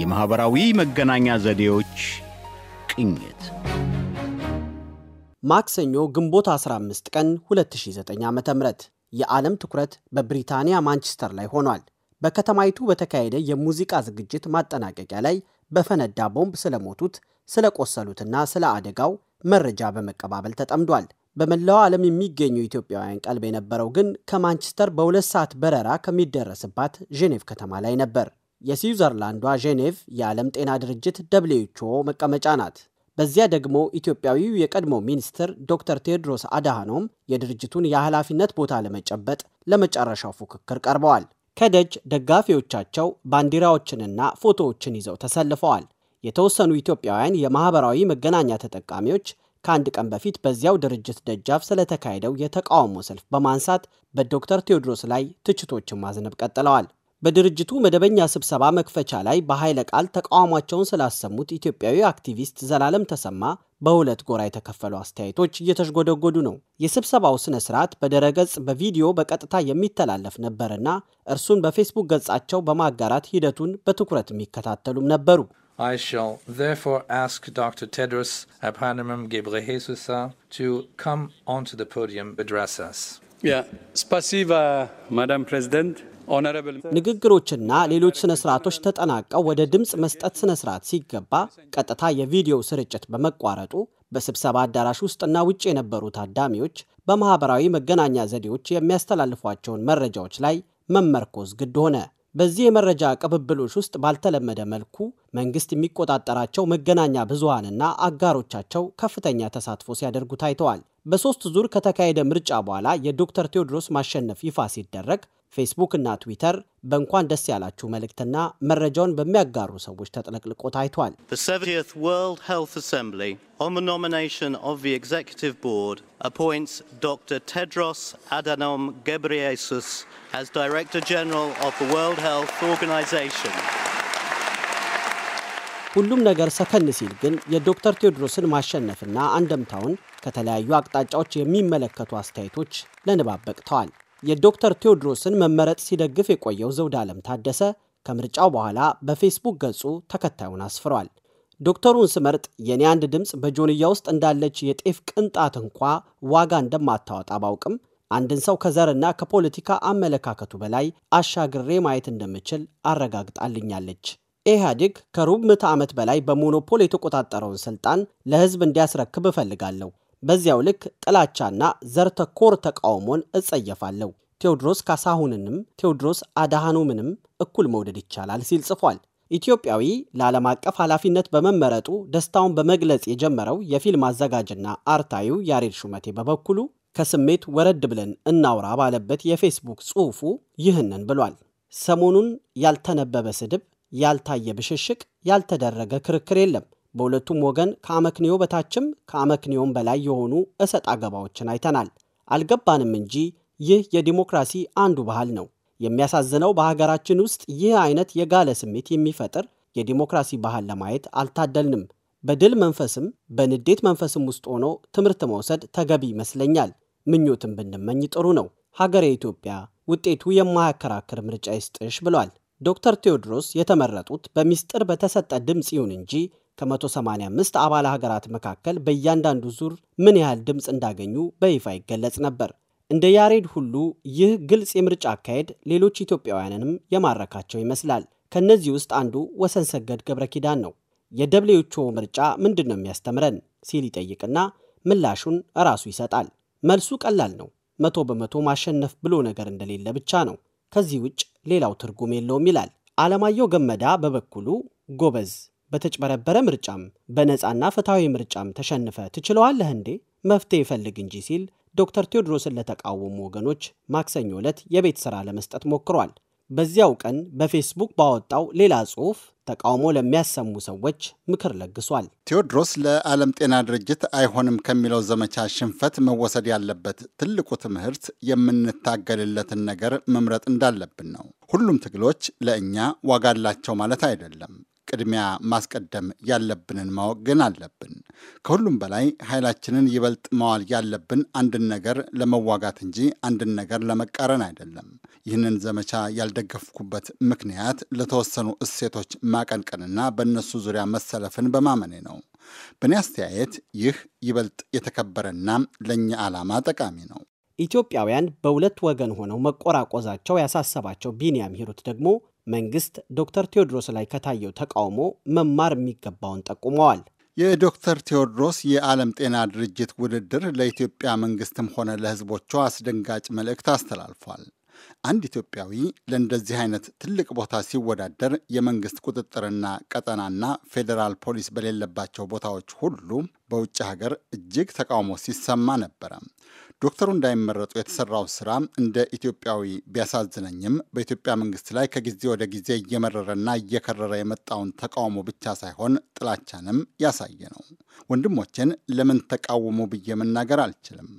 የማኅበራዊ መገናኛ ዘዴዎች ቅኝት ማክሰኞ ግንቦት 15 ቀን 2009 ዓ ም የዓለም ትኩረት በብሪታንያ ማንቸስተር ላይ ሆኗል። በከተማይቱ በተካሄደ የሙዚቃ ዝግጅት ማጠናቀቂያ ላይ በፈነዳ ቦምብ ስለሞቱት ስለቆሰሉትና ስለ አደጋው መረጃ በመቀባበል ተጠምዷል። በመላው ዓለም የሚገኙ ኢትዮጵያውያን ቀልብ የነበረው ግን ከማንቸስተር በሁለት ሰዓት በረራ ከሚደረስባት ዤኔቭ ከተማ ላይ ነበር። የስዊዘርላንዷ ዤኔቭ የዓለም ጤና ድርጅት ደብልዩችኦ መቀመጫ ናት። በዚያ ደግሞ ኢትዮጵያዊው የቀድሞ ሚኒስትር ዶክተር ቴዎድሮስ አድሃኖም የድርጅቱን የኃላፊነት ቦታ ለመጨበጥ ለመጨረሻው ፉክክር ቀርበዋል። ከደጅ ደጋፊዎቻቸው ባንዲራዎችንና ፎቶዎችን ይዘው ተሰልፈዋል። የተወሰኑ ኢትዮጵያውያን የማኅበራዊ መገናኛ ተጠቃሚዎች ከአንድ ቀን በፊት በዚያው ድርጅት ደጃፍ ስለተካሄደው የተቃውሞ ሰልፍ በማንሳት በዶክተር ቴዎድሮስ ላይ ትችቶችን ማዝነብ ቀጥለዋል። በድርጅቱ መደበኛ ስብሰባ መክፈቻ ላይ በኃይለ ቃል ተቃውሟቸውን ስላሰሙት ኢትዮጵያዊ አክቲቪስት ዘላለም ተሰማ በሁለት ጎራ የተከፈሉ አስተያየቶች እየተሽጎደጎዱ ነው። የስብሰባው ስነ ስርዓት በደረገጽ በቪዲዮ በቀጥታ የሚተላለፍ ነበርና እርሱን በፌስቡክ ገጻቸው በማጋራት ሂደቱን በትኩረት የሚከታተሉም ነበሩ። I shall therefore ask Dr. Tedros Adhanom Ghebreyesus to come onto the podium address us. ንግግሮችና ሌሎች ስነ ስርዓቶች ተጠናቀው ወደ ድምፅ መስጠት ስነ ስርዓት ሲገባ ቀጥታ የቪዲዮ ስርጭት በመቋረጡ በስብሰባ አዳራሽ ውስጥና ውጭ የነበሩ ታዳሚዎች በማህበራዊ መገናኛ ዘዴዎች የሚያስተላልፏቸውን መረጃዎች ላይ መመርኮዝ ግድ ሆነ። በዚህ የመረጃ ቅብብሎች ውስጥ ባልተለመደ መልኩ መንግስት የሚቆጣጠራቸው መገናኛ ብዙሃንና አጋሮቻቸው ከፍተኛ ተሳትፎ ሲያደርጉ ታይተዋል። በሶስት ዙር ከተካሄደ ምርጫ በኋላ የዶክተር ቴዎድሮስ ማሸነፍ ይፋ ሲደረግ ፌስቡክ እና ትዊተር በእንኳን ደስ ያላችሁ መልእክትና መረጃውን በሚያጋሩ ሰዎች ተጥለቅልቆ ታይቷል። ቴድሮስ አዳኖም ገብሪየሱስ ሁሉም ነገር ሰከን ሲል ግን የዶክተር ቴዎድሮስን ማሸነፍና አንደምታውን ከተለያዩ አቅጣጫዎች የሚመለከቱ አስተያየቶች ለንባብ በቅተዋል። የዶክተር ቴዎድሮስን መመረጥ ሲደግፍ የቆየው ዘውድ ዓለም ታደሰ ከምርጫው በኋላ በፌስቡክ ገጹ ተከታዩን አስፍሯል። ዶክተሩን ስመርጥ የኔ አንድ ድምፅ በጆንያ ውስጥ እንዳለች የጤፍ ቅንጣት እንኳ ዋጋ እንደማታወጣ ባውቅም አንድን ሰው ከዘርና ከፖለቲካ አመለካከቱ በላይ አሻግሬ ማየት እንደምችል አረጋግጣልኛለች። ኢህአዴግ ከሩብ ምዕተ ዓመት በላይ በሞኖፖል የተቆጣጠረውን ስልጣን ለህዝብ እንዲያስረክብ እፈልጋለሁ። በዚያው ልክ ጥላቻና ዘር ተኮር ተቃውሞን እጸየፋለሁ። ቴዎድሮስ ካሳሁንንም ቴዎድሮስ አድሃኖምንም እኩል መውደድ ይቻላል ሲል ጽፏል። ኢትዮጵያዊ ለዓለም አቀፍ ኃላፊነት በመመረጡ ደስታውን በመግለጽ የጀመረው የፊልም አዘጋጅና አርታዩ ያሬድ ሹመቴ በበኩሉ ከስሜት ወረድ ብለን እናውራ ባለበት የፌስቡክ ጽሑፉ ይህንን ብሏል። ሰሞኑን ያልተነበበ ስድብ ያልታየ ብሽሽቅ፣ ያልተደረገ ክርክር የለም። በሁለቱም ወገን ከአመክንዮ በታችም ከአመክንዮም በላይ የሆኑ እሰጥ አገባዎችን አይተናል። አልገባንም እንጂ ይህ የዲሞክራሲ አንዱ ባህል ነው። የሚያሳዝነው በሀገራችን ውስጥ ይህ አይነት የጋለ ስሜት የሚፈጥር የዲሞክራሲ ባህል ለማየት አልታደልንም። በድል መንፈስም በንዴት መንፈስም ውስጥ ሆኖ ትምህርት መውሰድ ተገቢ ይመስለኛል። ምኞትም ብንመኝ ጥሩ ነው። ሀገር ኢትዮጵያ ውጤቱ የማያከራክር ምርጫ ይስጥሽ ብሏል። ዶክተር ቴዎድሮስ የተመረጡት በሚስጥር በተሰጠ ድምፅ ይሁን እንጂ ከ185 አባል ሀገራት መካከል በእያንዳንዱ ዙር ምን ያህል ድምፅ እንዳገኙ በይፋ ይገለጽ ነበር። እንደ ያሬድ ሁሉ ይህ ግልጽ የምርጫ አካሄድ ሌሎች ኢትዮጵያውያንንም የማረካቸው ይመስላል። ከእነዚህ ውስጥ አንዱ ወሰንሰገድ ገብረ ኪዳን ነው። የደብሌዎቹ ምርጫ ምንድን ነው የሚያስተምረን ሲል ይጠይቅና ምላሹን ራሱ ይሰጣል። መልሱ ቀላል ነው። መቶ በመቶ ማሸነፍ ብሎ ነገር እንደሌለ ብቻ ነው። ከዚህ ውጭ ሌላው ትርጉም የለውም ይላል። አለማየሁ ገመዳ በበኩሉ ጎበዝ፣ በተጭበረበረ ምርጫም በነፃና ፍትሐዊ ምርጫም ተሸንፈ ትችለዋለህ እንዴ? መፍትሄ ይፈልግ እንጂ ሲል ዶክተር ቴዎድሮስን ለተቃወሙ ወገኖች ማክሰኞ ዕለት የቤት ሥራ ለመስጠት ሞክሯል። በዚያው ቀን በፌስቡክ ባወጣው ሌላ ጽሑፍ ተቃውሞ ለሚያሰሙ ሰዎች ምክር ለግሷል። ቴዎድሮስ ለዓለም ጤና ድርጅት አይሆንም ከሚለው ዘመቻ ሽንፈት መወሰድ ያለበት ትልቁ ትምህርት የምንታገልለትን ነገር መምረጥ እንዳለብን ነው። ሁሉም ትግሎች ለእኛ ዋጋ አላቸው ማለት አይደለም። ቅድሚያ ማስቀደም ያለብንን ማወቅ ግን አለብን። ከሁሉም በላይ ኃይላችንን ይበልጥ መዋል ያለብን አንድን ነገር ለመዋጋት እንጂ አንድን ነገር ለመቃረን አይደለም። ይህንን ዘመቻ ያልደገፍኩበት ምክንያት ለተወሰኑ እሴቶች ማቀንቀንና በእነሱ ዙሪያ መሰለፍን በማመኔ ነው። በእኔ አስተያየት ይህ ይበልጥ የተከበረና ለእኛ ዓላማ ጠቃሚ ነው። ኢትዮጵያውያን በሁለት ወገን ሆነው መቆራቆዛቸው ያሳሰባቸው ቢንያም ሂሩት ደግሞ መንግስት ዶክተር ቴዎድሮስ ላይ ከታየው ተቃውሞ መማር የሚገባውን ጠቁመዋል። የዶክተር ቴዎድሮስ የዓለም ጤና ድርጅት ውድድር ለኢትዮጵያ መንግስትም ሆነ ለህዝቦቿ አስደንጋጭ መልእክት አስተላልፏል። አንድ ኢትዮጵያዊ ለእንደዚህ አይነት ትልቅ ቦታ ሲወዳደር የመንግስት ቁጥጥርና ቀጠናና ፌዴራል ፖሊስ በሌለባቸው ቦታዎች ሁሉ በውጭ ሀገር እጅግ ተቃውሞ ሲሰማ ነበረ። ዶክተሩ እንዳይመረጡ የተሰራው ስራ እንደ ኢትዮጵያዊ ቢያሳዝነኝም በኢትዮጵያ መንግስት ላይ ከጊዜ ወደ ጊዜ እየመረረና እየከረረ የመጣውን ተቃውሞ ብቻ ሳይሆን ጥላቻንም ያሳየ ነው። ወንድሞቼን ለምን ተቃወሙ ብዬ መናገር አልችልም።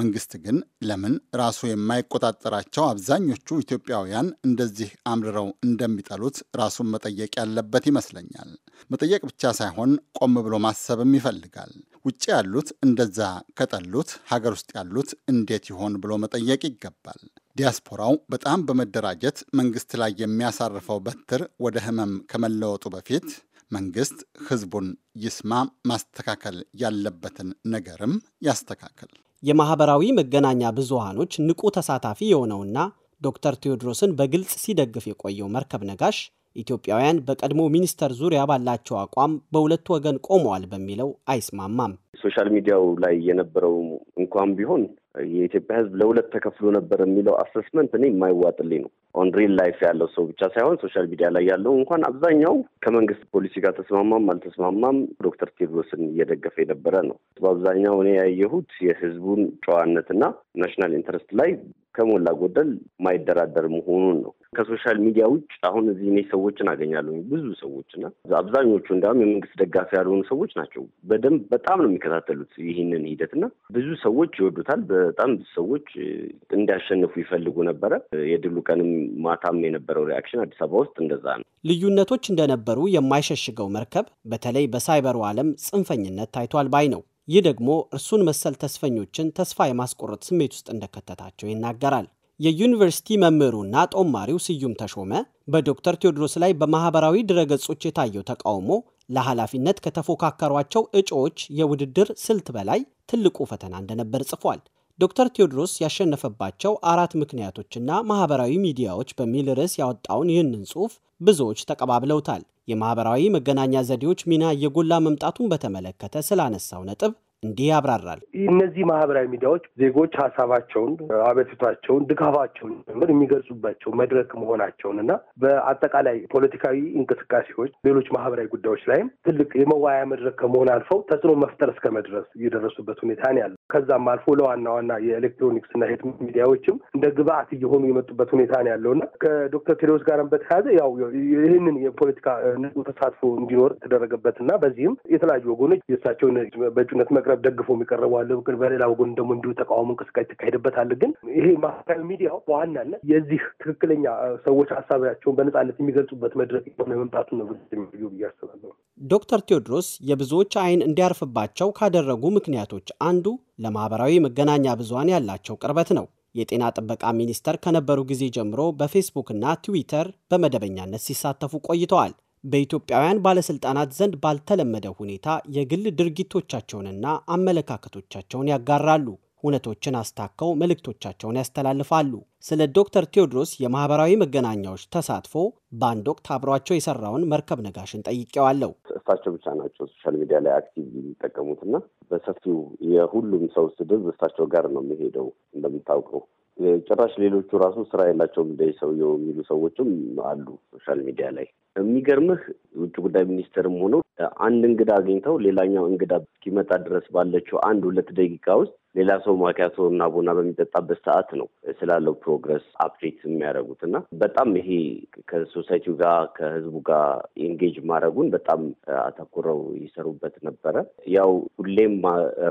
መንግስት ግን ለምን ራሱ የማይቆጣጠራቸው አብዛኞቹ ኢትዮጵያውያን እንደዚህ አምርረው እንደሚጠሉት ራሱን መጠየቅ ያለበት ይመስለኛል። መጠየቅ ብቻ ሳይሆን ቆም ብሎ ማሰብም ይፈልጋል። ውጭ ያሉት እንደዛ ከጠሉት ሀገር ውስጥ ያሉት እንዴት ይሆን ብሎ መጠየቅ ይገባል። ዲያስፖራው በጣም በመደራጀት መንግስት ላይ የሚያሳርፈው በትር ወደ ህመም ከመለወጡ በፊት መንግስት ህዝቡን ይስማ፣ ማስተካከል ያለበትን ነገርም ያስተካከል። የማህበራዊ መገናኛ ብዙሃኖች ንቁ ተሳታፊ የሆነውና ዶክተር ቴዎድሮስን በግልጽ ሲደግፍ የቆየው መርከብ ነጋሽ ኢትዮጵያውያን በቀድሞ ሚኒስተር ዙሪያ ባላቸው አቋም በሁለቱ ወገን ቆመዋል በሚለው አይስማማም። ሶሻል ሚዲያው ላይ የነበረው እንኳን ቢሆን የኢትዮጵያ ሕዝብ ለሁለት ተከፍሎ ነበር የሚለው አሰስመንት እኔ የማይዋጥልኝ ነው። ኦን ሪል ላይፍ ያለው ሰው ብቻ ሳይሆን ሶሻል ሚዲያ ላይ ያለው እንኳን አብዛኛው ከመንግስት ፖሊሲ ጋር ተስማማም አልተስማማም ዶክተር ቴድሮስን እየደገፈ የነበረ ነው። በአብዛኛው እኔ ያየሁት የህዝቡን ጨዋነትና ናሽናል ኢንተረስት ላይ ከሞላ ጎደል ማይደራደር መሆኑን ነው። ከሶሻል ሚዲያ ውጭ አሁን እዚህ እኔ ሰዎችን አገኛለሁ ብዙ ሰዎችና አብዛኞቹ እንዲያውም የመንግስት ደጋፊ ያልሆኑ ሰዎች ናቸው። በደንብ በጣም ነው የሚከታተሉት ይህንን ሂደት እና ብዙ ሰዎች ይወዱታል። በጣም ብዙ ሰዎች እንዲያሸንፉ ይፈልጉ ነበረ። የድሉ ቀንም ማታም የነበረው ሪያክሽን አዲስ አበባ ውስጥ እንደዛ ነው። ልዩነቶች እንደነበሩ የማይሸሽገው መርከብ በተለይ በሳይበሩ ዓለም ጽንፈኝነት ታይቷል ባይ ነው። ይህ ደግሞ እርሱን መሰል ተስፈኞችን ተስፋ የማስቆረጥ ስሜት ውስጥ እንደከተታቸው ይናገራል። የዩኒቨርሲቲ መምህሩና ጦማሪው ስዩም ተሾመ በዶክተር ቴዎድሮስ ላይ በማህበራዊ ድረገጾች የታየው ተቃውሞ ለኃላፊነት ከተፎካከሯቸው እጩዎች የውድድር ስልት በላይ ትልቁ ፈተና እንደነበር ጽፏል። ዶክተር ቴዎድሮስ ያሸነፈባቸው አራት ምክንያቶችና ማህበራዊ ሚዲያዎች በሚል ርዕስ ያወጣውን ይህንን ጽሑፍ ብዙዎች ተቀባብለውታል። የማህበራዊ መገናኛ ዘዴዎች ሚና እየጎላ መምጣቱን በተመለከተ ስላነሳው ነጥብ እንዲህ ያብራራል። እነዚህ ማህበራዊ ሚዲያዎች ዜጎች ሀሳባቸውን፣ አቤቱታቸውን፣ ድጋፋቸውን ጭምር የሚገልጹባቸው መድረክ መሆናቸውን እና በአጠቃላይ ፖለቲካዊ እንቅስቃሴዎች፣ ሌሎች ማህበራዊ ጉዳዮች ላይም ትልቅ የመዋያ መድረክ ከመሆን አልፈው ተጽዕኖ መፍጠር እስከ መድረስ እየደረሱበት ሁኔታ ነው ያለ። ከዛም አልፎ ለዋና ዋና የኤሌክትሮኒክስ እና ሄት ሚዲያዎችም እንደ ግብአት እየሆኑ የመጡበት ሁኔታ ነው ያለው እና ከዶክተር ቴዎስ ጋር በተያያዘ ያው ይህንን የፖለቲካ ንጹህ ተሳትፎ እንዲኖር ተደረገበት እና በዚህም የተለያዩ ወገኖች የእሳቸውን በእጩነት መቅረ ደግፎ የሚቀረቡ አለ። በሌላ ወገን ደግሞ እንዲሁ ተቃውሞ እንቅስቃሴ አለ። ግን ይሄ ማህበራዊ ሚዲያ በዋናነት የዚህ ትክክለኛ ሰዎች ሀሳባቸውን በነጻነት የሚገልጹበት መድረክ የሆነ መምጣቱ ነው ብዬ አስባለሁ። ዶክተር ቴዎድሮስ የብዙዎች አይን እንዲያርፍባቸው ካደረጉ ምክንያቶች አንዱ ለማህበራዊ መገናኛ ብዙሀን ያላቸው ቅርበት ነው። የጤና ጥበቃ ሚኒስተር ከነበሩ ጊዜ ጀምሮ በፌስቡክና ትዊተር በመደበኛነት ሲሳተፉ ቆይተዋል። በኢትዮጵያውያን ባለስልጣናት ዘንድ ባልተለመደ ሁኔታ የግል ድርጊቶቻቸውንና አመለካከቶቻቸውን ያጋራሉ። እውነቶችን አስታከው መልእክቶቻቸውን ያስተላልፋሉ። ስለ ዶክተር ቴዎድሮስ የማህበራዊ መገናኛዎች ተሳትፎ በአንድ ወቅት አብሯቸው የሰራውን መርከብ ነጋሽን ጠይቄዋለሁ። እሳቸው ብቻ ናቸው ሶሻል ሚዲያ ላይ አክቲቭ የሚጠቀሙትና በሰፊው የሁሉም ሰው ስድብ እሳቸው ጋር ነው የሚሄደው እንደምታውቀው ጭራሽ ሌሎቹ ራሱ ስራ የላቸውም እንደ ሰውየው የሚሉ ሰዎችም አሉ ሶሻል ሚዲያ ላይ። የሚገርምህ ውጭ ጉዳይ ሚኒስትርም ሆኖ አንድ እንግዳ አግኝተው ሌላኛው እንግዳ እስኪመጣ ድረስ ባለችው አንድ ሁለት ደቂቃ ውስጥ ሌላ ሰው ማኪያቶ እና ቡና በሚጠጣበት ሰዓት ነው ስላለው ፕሮግረስ አፕዴት የሚያደርጉት እና በጣም ይሄ ከሶሳይቲው ጋር ከህዝቡ ጋር ኢንጌጅ ማድረጉን በጣም አተኩረው ይሰሩበት ነበረ። ያው ሁሌም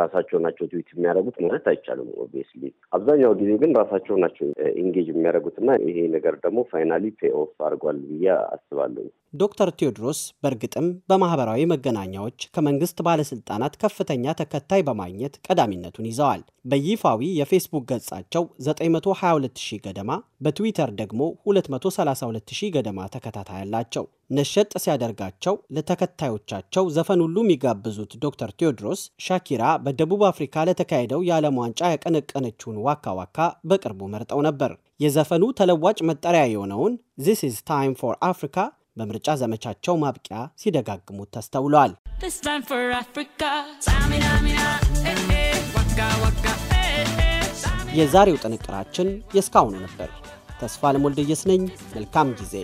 ራሳቸው ናቸው ትዊት የሚያደርጉት ማለት አይቻልም። ኦብቪየስሊ አብዛኛው ጊዜ ግን ራሳቸው ናቸው ኢንጌጅ የሚያደርጉት እና ይሄ ነገር ደግሞ ፋይናሊ ፔ ኦፍ አድርጓል ብዬ አስባለሁ። ዶክተር ቴዎድሮስ በእርግጥም በማህበራዊ መገናኛዎች ከመንግስት ባለስልጣናት ከፍተኛ ተከታይ በማግኘት ቀዳሚነቱን ይዘዋል። በይፋዊ የፌስቡክ ገጻቸው 922000 ገደማ፣ በትዊተር ደግሞ 232000 ገደማ ተከታታይ አላቸው። ነሸጥ ሲያደርጋቸው ለተከታዮቻቸው ዘፈን ሁሉ የሚጋብዙት ዶክተር ቴዎድሮስ ሻኪራ በደቡብ አፍሪካ ለተካሄደው የዓለም ዋንጫ ያቀነቀነችውን ዋካ ዋካ በቅርቡ መርጠው ነበር። የዘፈኑ ተለዋጭ መጠሪያ የሆነውን ዚስ ኢዝ ታይም ፎር አፍሪካ በምርጫ ዘመቻቸው ማብቂያ ሲደጋግሙት ተስተውለዋል። eh, eh, eh, የዛሬው ጥንቅራችን የእስካሁኑ ነበር። ተስፋ ለሞልደየስ ነኝ። መልካም ጊዜ